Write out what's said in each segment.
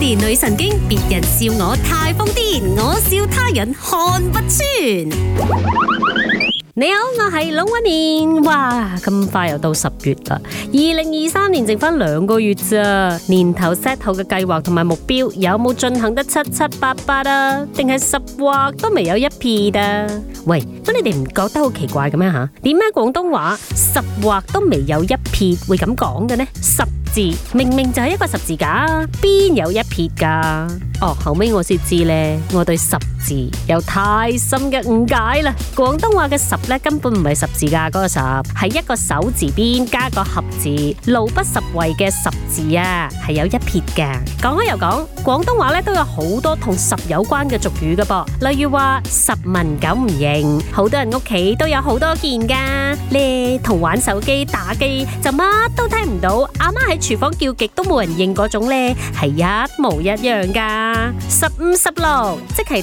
年女神經，別人笑我太瘋癲，我笑他人看不穿。你好，我係龍紋敏。哇，咁快又到十月啦，二零二三年剩翻兩個月咋？年頭 set 好嘅計劃同埋目標有冇進行得七七八八啊？定係十畫都未有一撇啊？喂，咁你哋唔覺得好奇怪嘅咩吓？點解廣東話十畫都未有一撇會咁講嘅呢？十明明就係一個十字架，邊有一撇噶？哦，後尾我先知咧，我對十。字又太深嘅誤解啦！廣東話嘅十咧根本唔係十字㗎，嗰、那個十係一個手字邊加個合字，路不拾遺嘅十字啊，係有一撇嘅。講開又講，廣東話咧都有好多同十有關嘅俗語㗎噃，例如話十問九唔應，好多人屋企都有好多件㗎。咧同玩手機打機就乜都聽唔到，阿媽喺廚房叫極都冇人應嗰種咧，係一模一樣㗎。十五十六，16，即係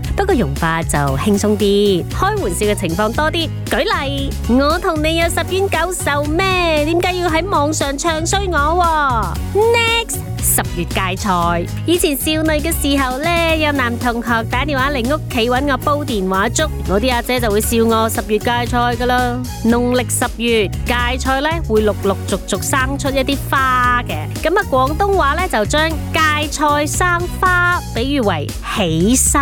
不過融化就輕鬆啲，開玩笑嘅情況多啲。舉例，我同你有十冤九仇咩？點解要喺網上唱衰我？Next，十月芥菜。以前少女嘅時候呢，有男同學打電話嚟屋企揾我煲電話粥，我啲阿姐就會笑我十月芥菜㗎喇。農曆十月芥菜呢，會陸陸續續生出一啲花嘅，咁啊廣東話呢就將。菜生花，比喻為起心，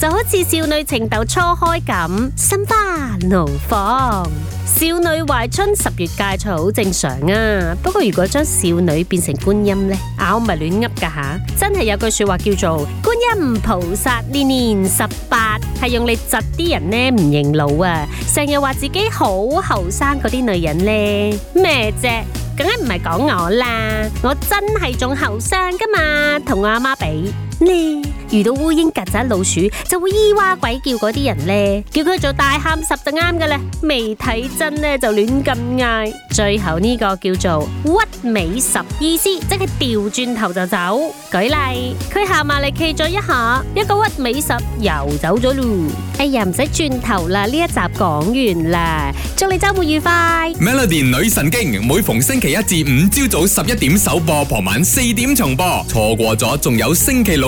就好似少女情竇初開咁，心花怒放。少女懷春，十月芥菜好正常啊。不過如果將少女變成觀音呢，啊、我唔係亂噏噶吓，真係有句說話叫做觀音菩薩年年十八，係用嚟窒啲人呢，唔認老啊，成日話自己好後生嗰啲女人呢，咩啫。梗係唔係講我啦，我真係仲後生㗎嘛，同我阿媽比。咧遇到烏蠅、曱甴、老鼠，就會咿哇鬼叫嗰啲人呢，叫佢做大喊十就啱㗎啦。未睇真呢就亂咁嗌，最後呢個叫做屈尾十，意思即係調轉頭就走。舉例佢行埋嚟企咗一下，一個屈尾十又走咗嚕。哎呀，唔使轉頭啦，呢一集講完啦，祝你周末愉快。Melody 女神經每逢星期一至五朝早十一點首播，傍晚四點重播，錯過咗仲有星期六，